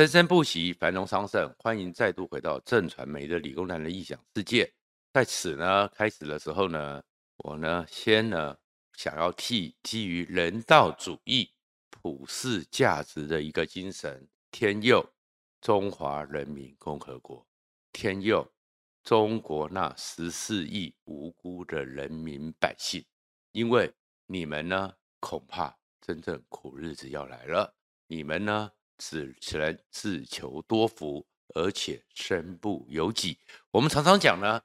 生生不息，繁榮昌盛。歡迎再度回到震傳媒的理工男的異想世界。在此呢，開始的時候呢，我呢先呢想要替基於人道主義、普世價值的一個精神，天佑中華人民共和國，天佑中國那十四億無辜的人民百姓，因為你們呢，恐怕真正苦日子要來了。你們呢？此人自求多福，而且身不由己。我們常常講呢，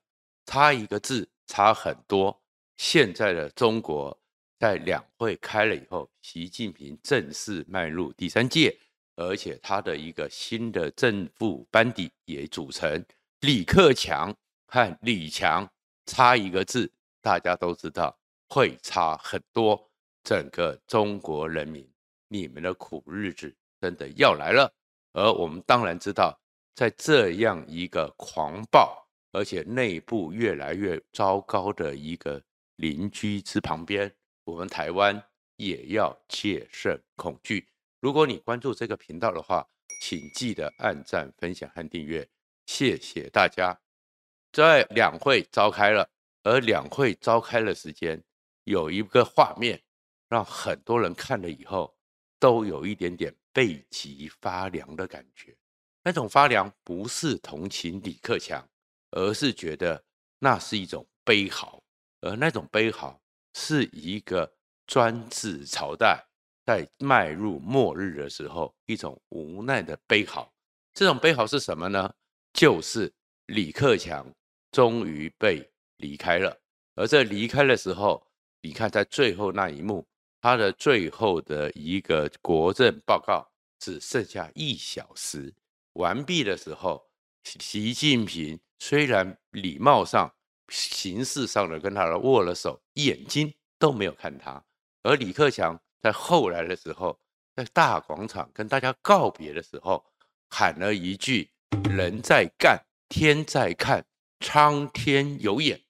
差一個字，差很多。現在的中國，在兩會開了以後，習近平正式邁入第三屆，而且他的一個新的政府班底也組成。李克強和李強差一個字，大家都知道會差很多。整個中國人民，你們的苦日子，真的要來了，而我們當然知道，在這樣一個狂暴而且內部越來越糟糕的一個鄰居之旁邊，我們台灣也要切身恐懼。如果你關注這個頻道的話，請記得按讚、分享和訂閱，謝謝大家。在兩會召開了，而兩會召開的時間有一個畫面，讓很多人看了以後都有一點點。背脊發涼的感覺，那種發涼不是同情李克強，而是覺得那是一種悲嚎，而那種悲嚎是一個專制朝代在邁入末日的時候一種無奈的悲嚎。這種悲嚎是什麼呢？就是李克強終於被離開了，而在離開的時候，你看在最後那一幕。他的最後的一個國政報告只剩下一小時完畢的時候，習近平雖然禮貌上、形式上的跟他的握了手，眼睛都沒有看他。而李克強在後來的時候，在大廣場跟大家告別的時候，喊了一句：“人在幹，天在看，蒼天有眼。”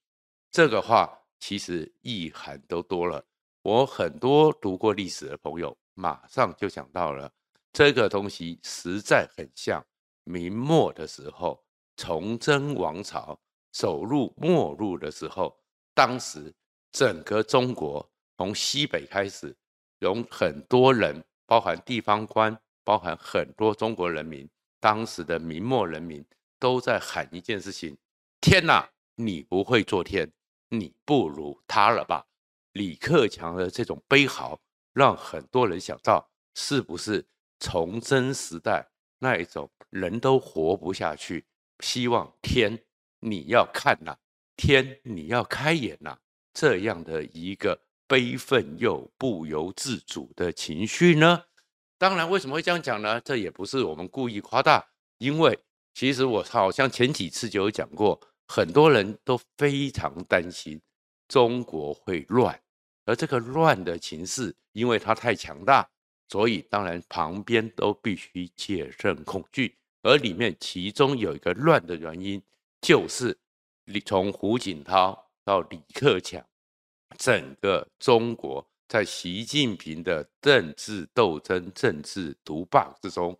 這個話其實意涵都多了。我很多讀過歷史的朋友，馬上就想到了這個東西，實在很像明末的時候，崇禎王朝走入末路的時候，當時整個中國從西北開始，有很多人，包含地方官，包含很多中國人民，當時的明末人民都在喊一件事情：天哪，你不會做天，你不如他了吧。李克強的這種悲嚎，讓很多人想到，是不是崇禎時代那一種人都活不下去，希望天，你要看吶，天你要開眼吶，這樣的一個悲憤又不由自主的情緒呢？當然，為什麼會這樣講呢？這也不是我們故意誇大，因為其實我好像前幾次就有講過，很多人都非常擔心中國會亂。而這個亂的情勢，因為它太強大，所以當然旁邊都必須戒慎恐懼。而裡面其中有一個亂的原因，就是從胡錦濤到李克強，整個中國在習近平的政治鬥爭、政治獨霸之中，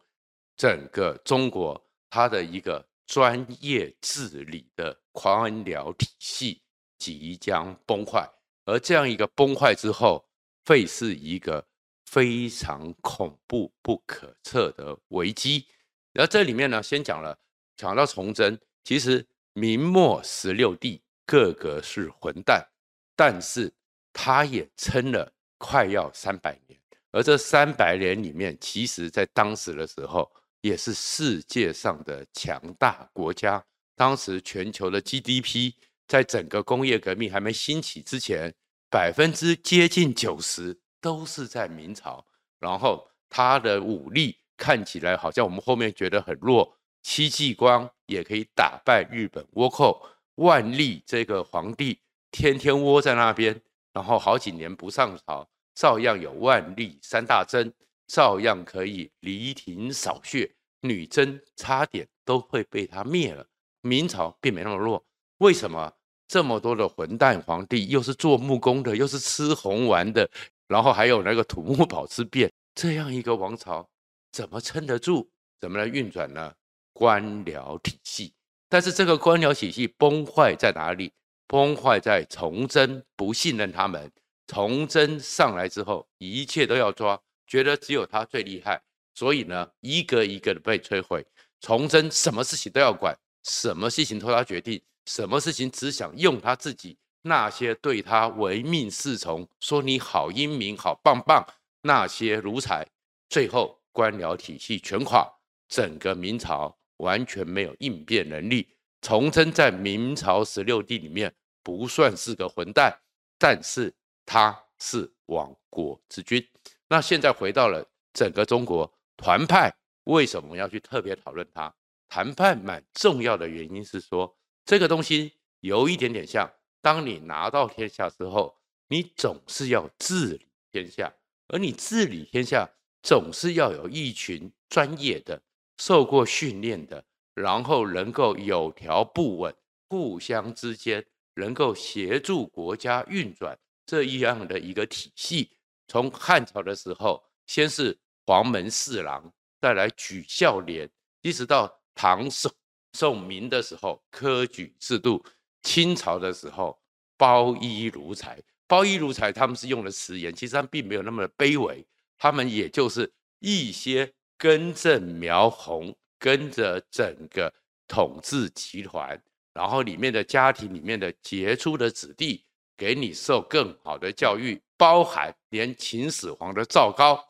整個中國他的一個專業治理的官僚體系即將崩壞。而這樣一個崩壞之後，會是一個非常恐怖、不可測的危機。然後這裡面呢，先講了，講到崇禎，其實明末十六帝個個是混蛋，但是他也撐了快要三百年。而這三百年裡面，其實在當時的時候，也是世界上的強大國家。當時全球的 GDP。在整個工業革命還沒興起之前，百分之接近九十都是在明朝。然後他的武力看起來好像我們後面覺得很弱，戚繼光也可以打敗日本倭寇。萬曆這個皇帝天天窩在那邊，然後好幾年不上朝，照樣有萬曆三大征，照樣可以犁庭掃穴，女真差點都會被他滅了。明朝並沒那麼弱。為什麼這麼多的混蛋皇帝，又是做木工的，又是吃紅丸的，然後還有那個土木堡之變，這樣一個王朝怎麼撐得住？怎麼來運轉呢？官僚體系。但是這個官僚體系崩壞在哪裡？崩壞在崇禎不信任他們。崇禎上來之後，一切都要抓，覺得只有他最厲害，所以呢，一個一個的被摧毀。崇禎什麼事情都要管，什麼事情都要他決定。什麼事情只想用他自己那些對他唯命是從，說你好英明好棒棒，那些奴才，最後官僚體系全垮，整個明朝完全沒有應變能力。崇禎在明朝十六帝裡面不算是個混蛋，但是他是亡國之君。那現在回到了整個中國，團派為什麼要去特別討論他？團派蠻重要的原因是說，這個東西有一點點像，當你拿到天下之後，你總是要治理天下，而你治理天下，總是要有一群專業的、受過訓練的，然後能夠有條不紊、互相之間能夠協助國家運轉這一樣的一個體系。從漢朝的時候，先是黃門侍郎，再來舉孝廉，一直到唐宋。宋明的時候，科舉制度；清朝的時候，包衣奴才。包衣奴才，他們是用的詞言，其實他們並沒有那麼的卑微，他們也就是一些根正苗紅，跟着整個統治集團，然後裡面的家庭裡面的傑出的子弟，給你受更好的教育，包含連秦始皇的趙高，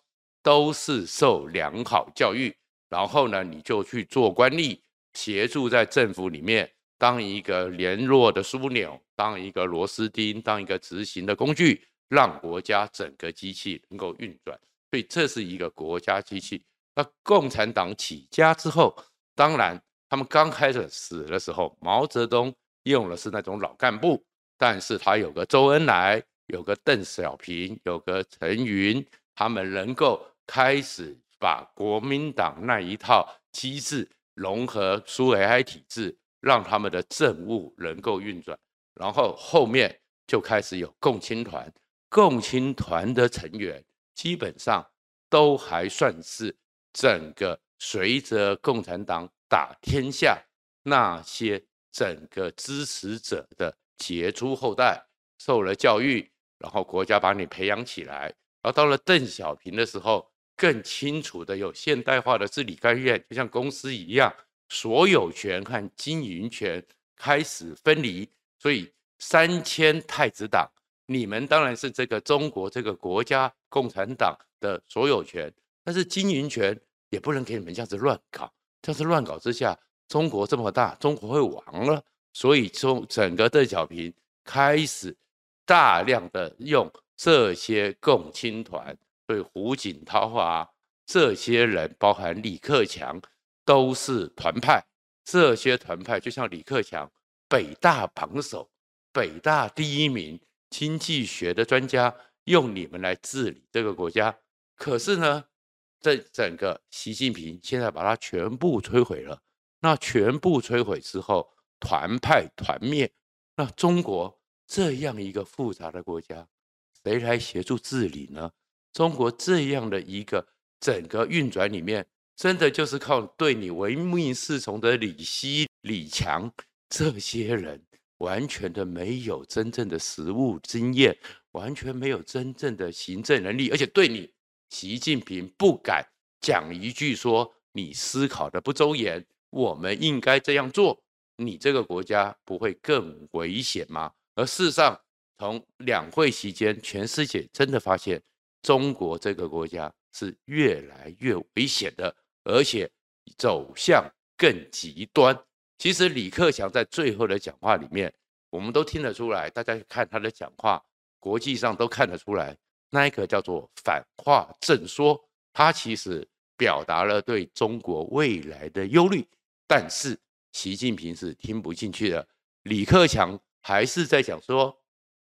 都是受良好教育，然後呢，你就去做官吏。協助在政府裡面當一個聯絡的樞紐，當一個螺絲釘，當一個執行的工具，讓國家整個機器能夠運轉。所以這是一個國家機器。那共產黨起家之後，當然他們剛開始死的時候，毛澤東用的是那種老幹部，但是他有個周恩來，有個鄧小平，有個陳雲，他們能夠開始把國民黨那一套機制。融合蘇維埃體制，讓他們的政務能夠運轉，然後後面就開始有共青團。共青團的成員基本上都還算是整個隨着共產黨打天下那些整個支持者的傑出後代，受了教育，然後國家把你培養起來，然後到了鄧小平的時候。更清楚的有現代化的治理概念，就像公司一樣，所有權和經營權開始分離。所以，三千太子黨，你們當然是這個中國這個國家共產黨的所有權，但是經營權也不能給你們這樣子亂搞。這樣子亂搞之下，中國這麼大，中國會亡了。所以，從整個鄧小平開始大量的用這些共青團。對胡錦濤啊，這些人，包含李克強，都是團派。這些團派就像李克強，北大榜首，北大第一名經濟學的專家，用你們來治理這個國家。可是呢，這整個習近平現在把它全部摧毀了。那全部摧毀之後，團派團滅。那中國這樣一個複雜的國家，誰來協助治理呢？中國這樣的一個整個運轉裡面，真的就是靠對你唯命是從的李希、李強這些人，完全的沒有真正的實務經驗，完全沒有真正的行政能力，而且對你習近平不敢講一句說你思考的不周延，我們應該這樣做，你這個國家不會更危險嗎？而事實上，從兩會期間，全世界真的發現。中國這個國家是越來越危險的，而且走向更極端。其實李克強在最後的講話裡面，我們都聽得出來。大家看他的講話，國際上都看得出來，那一個叫做反話正說，他其實表達了對中國未來的憂慮。但是習近平是聽不進去的，李克強還是在講說，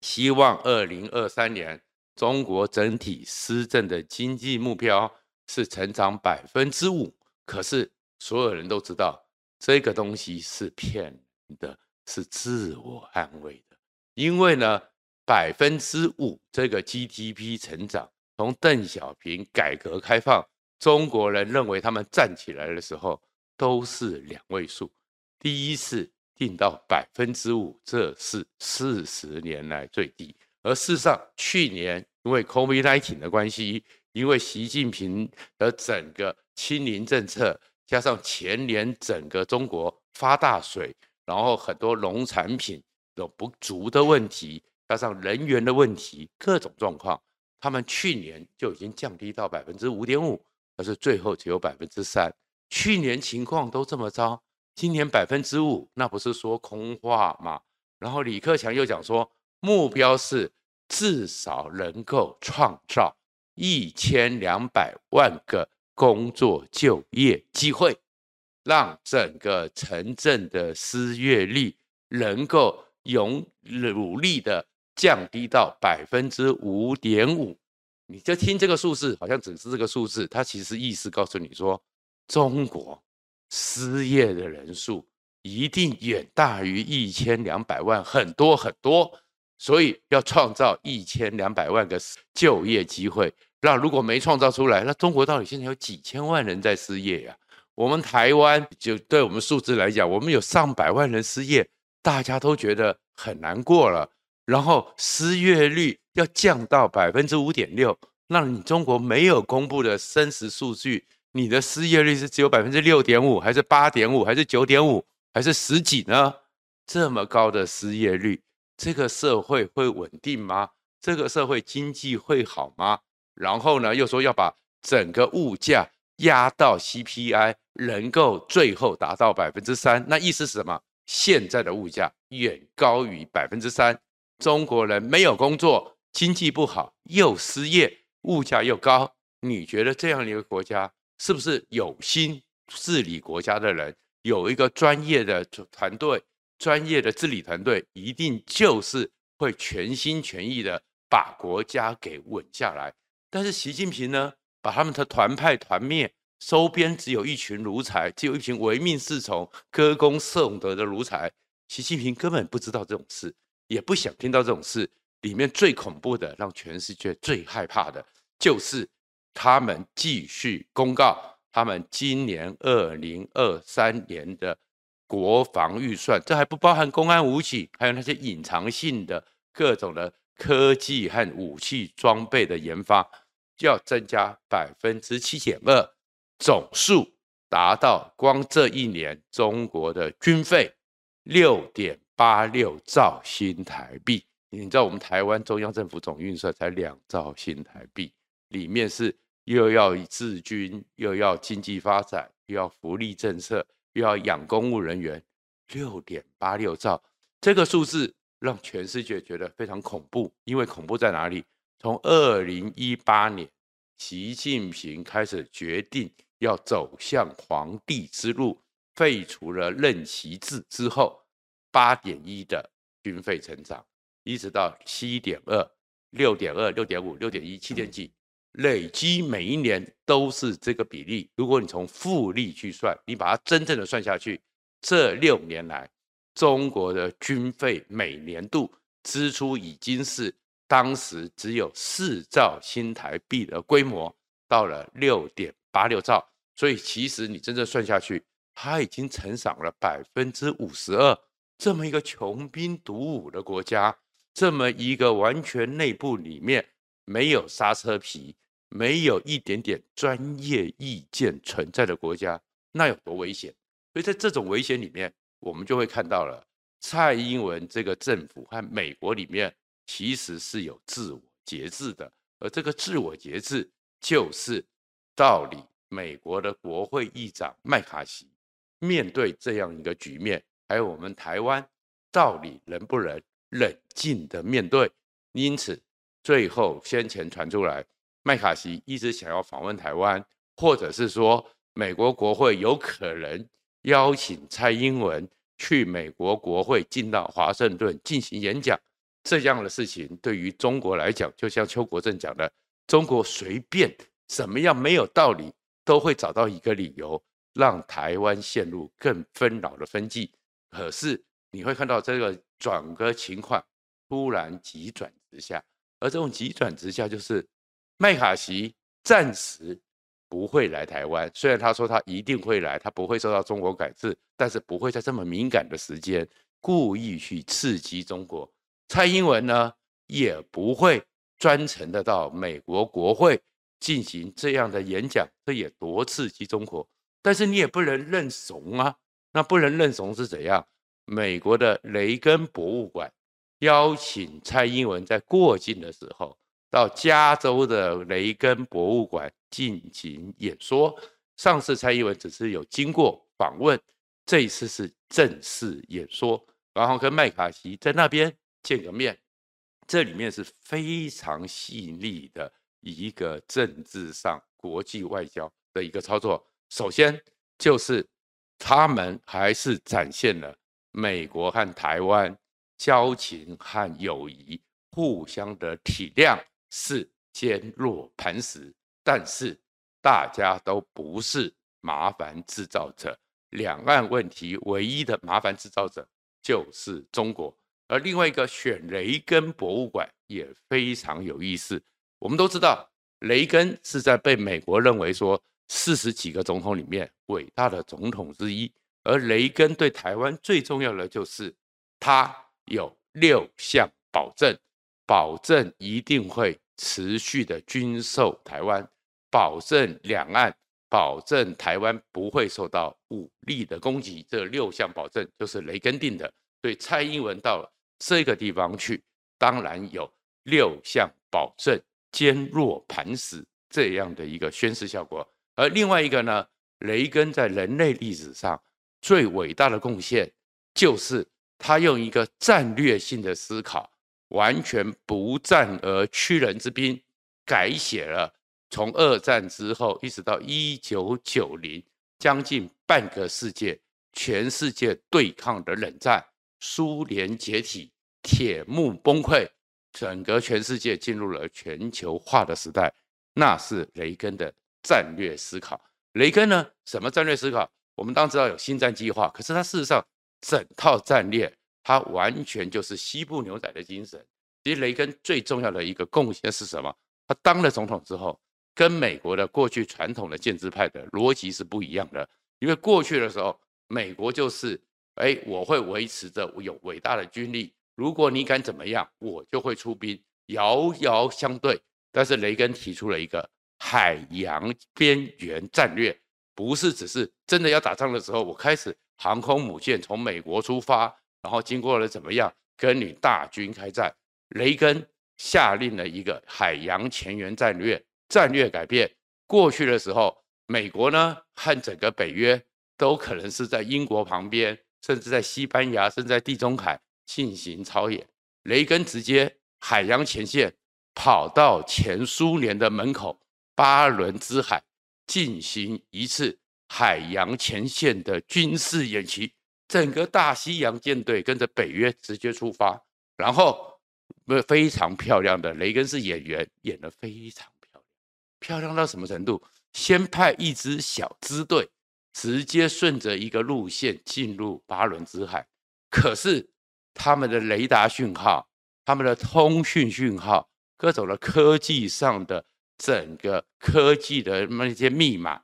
希望二零二三年。中國整體施政的經濟目標是成長百分之五，可是所有人都知道這個東西是騙人的，是自我安慰的。因為呢，百分之五這個 GDP 成長，從鄧小平改革開放，中國人認為他們站起來的時候都是兩位數，第一次定到百分之五，這是四十年來最低。而事實上，去年。因為 COVID-19 的關係，因為習近平的整個清零政策，加上前年整個中國發大水，然後很多農產品有不足的問題，加上人員的問題，各種狀況，他們去年就已經降低到百分之五點五，可是最後只有百分之三。去年情況都這麼糟，今年百分之五，那不是說空話嗎？然後李克強又講說，目標是，至少能夠創造一千兩百萬個工作就業機會，讓整個城鎮的失業率能夠勇努力的降低到百分之五點五。你就聽這個數字，好像只是這個數字，它其實意思告訴你說，中國失業的人數一定遠大於一千兩百萬，很多很多。所以要創造一千兩百萬個就業機會，那如果沒創造出來，那中國到底現在有幾千萬人在失業呀、啊？我們台灣就對我們數字來講，我們有上百萬人失業，大家都覺得很難過了。然後失業率要降到百分之五點六，那你中國沒有公布的真實數據，你的失業率是只有百分之六點五，還是八點五，還是九點五，還是十幾呢？這麼高的失業率。這個社會會穩定嗎？這個社會經濟會好嗎？然後呢，又說要把整個物價壓到 CPI 能夠最後達到百分之三，那意思是什麼？現在的物價遠高於百分之三，中國人沒有工作，經濟不好，又失業，物價又高，你覺得這樣一個國家，是不是有心治理國家的人有一個專業的團隊？專業的治理團隊一定就是會全心全意的把國家給穩下來，但是習近平呢，把他們的團派團滅，收編只有一群奴才，只有一群唯命是從、歌功頌德的奴才。習近平根本不知道這種事，也不想聽到這種事。裡面最恐怖的，讓全世界最害怕的，就是他們繼續公告他們今年二零二三年的。國防預算，這還不包含公安武警，還有那些隱藏性的各種的科技和武器裝備的研發，就要增加百分之七點二，總數達到光這一年中國的軍費六點八六兆新台幣。你知道我們台灣中央政府總預算才兩兆新台幣，裡面是又要治軍，又要經濟發展，又要福利政策，又要養公務人員六點八六兆，這個數字讓全世界覺得非常恐怖。因為恐怖在哪裡？從二零一八年，習近平開始決定要走向皇帝之路，廢除了任期制之後，八點一的軍費成長，一直到七點二、六點二、六點五、六點一、七點幾。累積每一年都是這個比例。如果你從複利去算，你把它真正的算下去，這六年來，中國的軍費每年度支出已經是當時只有四兆新台幣的規模，到了六點八六兆。所以其實你真正算下去，它已經成長了百分之五十二。這麼一個窮兵黷武的國家，這麼一個完全內部裡面。沒有剎車皮，沒有一點點專業意見存在的國家，那有多危險？所以在這種危險裡面，我們就會看到了蔡英文這個政府和美國裡面其實是有自我節制的，而這個自我節制就是到底，美國的國會議長麥卡錫面對這樣一個局面，還有我們台灣，到底能不能冷靜的面對？因此。最後，先前傳出來，麥卡錫一直想要訪問台灣，或者是說，美國國會有可能邀請蔡英文去美國國會進到華盛頓進行演講，這樣的事情對於中國來講，就像邱國正講的，中國隨便怎麼樣沒有道理，都會找到一個理由，讓台灣陷入更紛擾的分際。可是你會看到這個轉個情況，突然急轉直下。而這種急轉直下就是麥卡錫暫時不會來台灣，雖然他說他一定會來，他不會受到中國改製，但是不會在這麼敏感的時間故意去刺激中國。蔡英文呢，也不會專程的到美國國會進行這樣的演講，這也多刺激中國。但是你也不能認慫啊，那不能認慫是怎樣？美國的雷根博物館。邀請蔡英文在過境的時候到加州的雷根博物館進行演說。上次蔡英文只是有經過訪問，這一次是正式演說，然後跟麥卡錫在那邊見個面。這裡面是非常細膩的一個政治上國際外交的一個操作。首先就是他們還是展現了美國和台灣。交情和友誼，互相的體諒是堅若磐石。但是大家都不是麻煩製造者，兩岸問題唯一的麻煩製造者就是中國。而另外一個選雷根博物館也非常有意思。我們都知道，雷根是在被美國認為說四十幾個總統裡面偉大的總統之一。而雷根對台灣最重要的就是他。有六項保證，保證一定會持續的軍售台灣，保證兩岸，保證台灣不會受到武力的攻擊。這六項保證就是雷根定的。對蔡英文到了這個地方去，當然有六項保證堅若磐石這樣的一個宣示效果。而另外一個呢，雷根在人類歷史上最偉大的貢獻就是。他用一個戰略性的思考，完全不戰而屈人之兵，改寫了從二戰之後一直到一九九零將近半個世紀，全世界對抗的冷戰，蘇聯解體，鐵幕崩潰，整個全世界進入了全球化的時代。那是雷根的戰略思考。雷根呢？什麼戰略思考？我們當然知道有星戰計劃，可是他事實上。整套戰略，它完全就是西部牛仔的精神。其實雷根最重要的一個貢獻是什麼？他當了總統之後，跟美國的過去傳統的建制派的邏輯是不一樣的。因為過去的時候，美國就是哎、欸，我會維持著我有偉大的軍力，如果你敢怎麼樣，我就會出兵遙遙相對。但是雷根提出了一個海洋邊緣戰略，不是只是真的要打仗的時候，我開始。航空母艦從美國出發，然後經過了怎麼樣，跟你大軍開戰？雷根下令了一個海洋前沿戰略，戰略改變。過去的時候，美國呢，和整個北約都可能是在英國旁邊，甚至在西班牙，甚至在地中海進行操演。雷根直接海洋前線跑到前蘇聯的門口，巴倫支海進行一次海洋前線的軍事演習，整個大西洋艦隊跟着北約直接出發，然後非常漂亮的雷根是演員，演得非常漂亮，漂亮到什麼程度？先派一支小支隊，直接順着一個路線進入巴倫支海，可是他們的雷達訊號、他們的通訊訊號、各種的科技上的整個科技的那些密碼。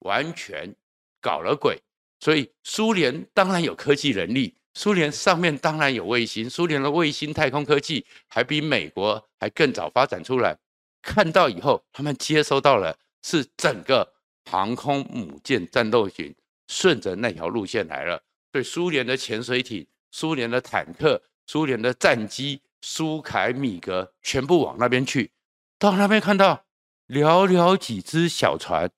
完全搞了鬼，所以蘇聯當然有科技能力，蘇聯上面當然有衛星，蘇聯的衛星太空科技還比美國還更早發展出來。看到以後，他們接收到了是整個航空母艦戰鬥群順着那條路線來了，對蘇聯的潛水艇、蘇聯的坦克、蘇聯的戰機、蘇凱米格全部往那邊去，到那邊看到寥寥幾隻小船。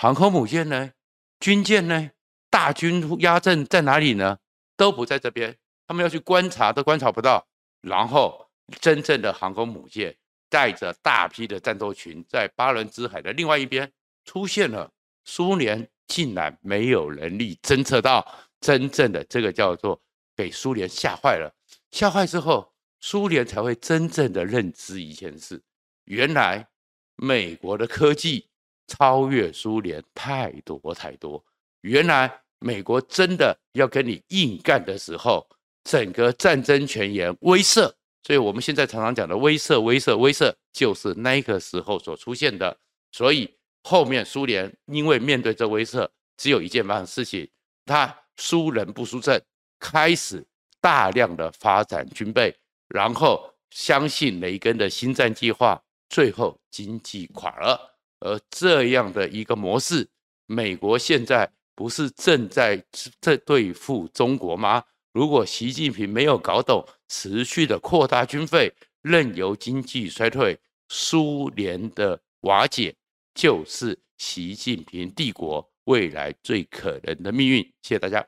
航空母艦呢？軍艦呢？大軍壓陣在哪裡呢？都不在這邊，他們要去觀察都觀察不到。然後，真正的航空母艦帶着大批的戰鬥群，在巴倫支海的另外一邊出現了，蘇聯竟然沒有能力偵測到真正的這個，叫做被蘇聯嚇壞了。嚇壞之後，蘇聯才會真正的認知一件事：原來美國的科技。超越蘇聯太多太多，原來美國真的要跟你硬幹的時候，整個戰爭全沿威懾，所以我們現在常常講的威懾威懾威懾，就是那個時候所出現的。所以後面蘇聯因為面對這威懾，只有一件辦事情，他輸人不輸陣，開始大量的發展軍備，然後相信雷根的星戰計劃，最後經濟垮了。而這樣的一個模式，美國現在不是正在在對付中國嗎？如果習近平沒有搞懂持續的擴大軍費，任由經濟衰退、蘇聯的瓦解，就是習近平帝國未來最可能的命運。謝謝大家。